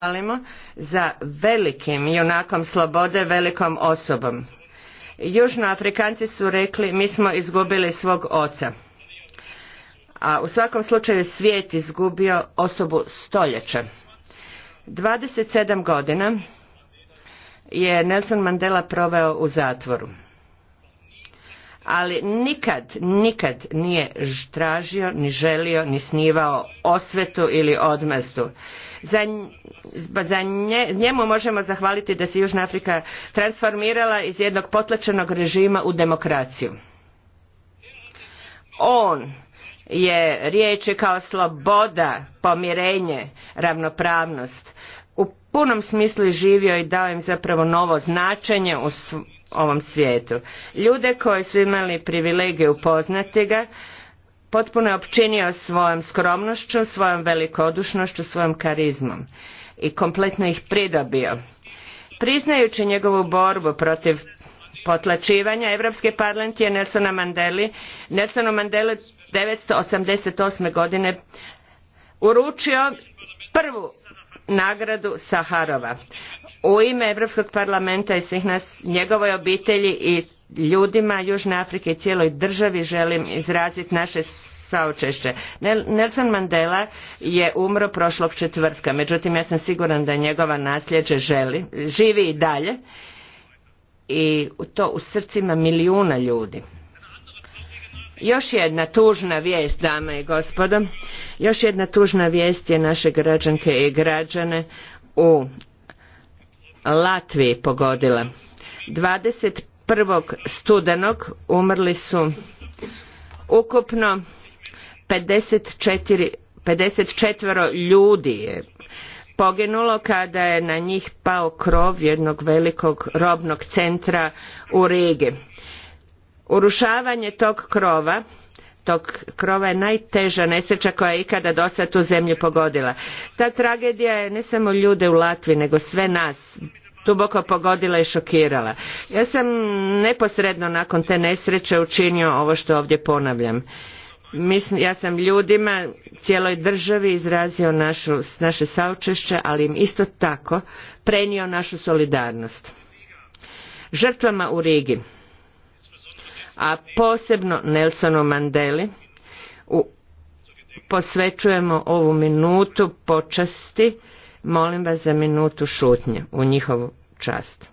hvalimo za velikim junakom slobode, velikom osobom. Južnoafrikanci su rekli mi smo izgubili svog oca. A u svakom slučaju svijet izgubio osobu stoljeća. 27 godina je Nelson Mandela proveo u zatvoru. Ali nikad, nikad nije tražio, ni želio, ni snivao osvetu ili odmazdu za, njemu možemo zahvaliti da se Južna Afrika transformirala iz jednog potlačenog režima u demokraciju. On je riječi kao sloboda, pomirenje, ravnopravnost u punom smislu živio i dao im zapravo novo značenje u ovom svijetu. Ljude koji su imali privilegiju upoznati ga, potpuno je općinio svojom skromnošću, svojom velikodušnošću, svojom karizmom i kompletno ih pridobio. Priznajući njegovu borbu protiv potlačivanja, Europski parlament je Nelsona Mandeli, Nelsonu Mandeli 988. godine uručio prvu nagradu Saharova. U ime Europskog parlamenta i svih nas, njegovoj obitelji i ljudima Južne Afrike i cijeloj državi želim izraziti naše saočešće. Nelson Mandela je umro prošlog četvrtka, međutim ja sam siguran da njegova nasljeđe želi, živi i dalje i to u srcima milijuna ljudi. Još jedna tužna vijest, dame i gospodo, još jedna tužna vijest je naše građanke i građane u Latviji pogodila. dvadeset 1. studenog umrli su ukupno 54, 54 ljudi je poginulo kada je na njih pao krov jednog velikog robnog centra u Rigi. Urušavanje tog krova tog krova je najteža nesreća koja je ikada do sad tu zemlju pogodila. Ta tragedija je ne samo ljude u Latvi, nego sve nas duboko pogodila i šokirala. Ja sam neposredno nakon te nesreće učinio ovo što ovdje ponavljam. ja sam ljudima, cijeloj državi izrazio našu, naše saučešće, ali im isto tako prenio našu solidarnost. Žrtvama u Rigi, a posebno Nelsonu Mandeli, posvećujemo ovu minutu počasti, molim vas za minutu šutnje u njihovu čast.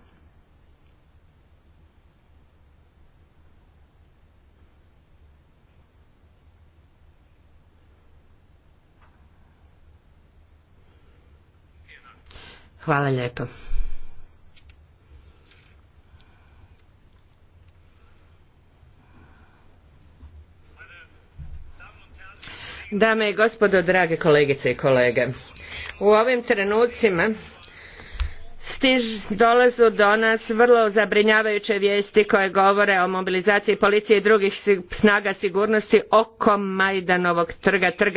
Hvala lijepo. Dame i gospodo, drage kolegice i kolege, u ovim trenucima stiž, dolazu do nas vrlo zabrinjavajuće vijesti koje govore o mobilizaciji policije i drugih snaga sigurnosti oko Majdanovog trga, trga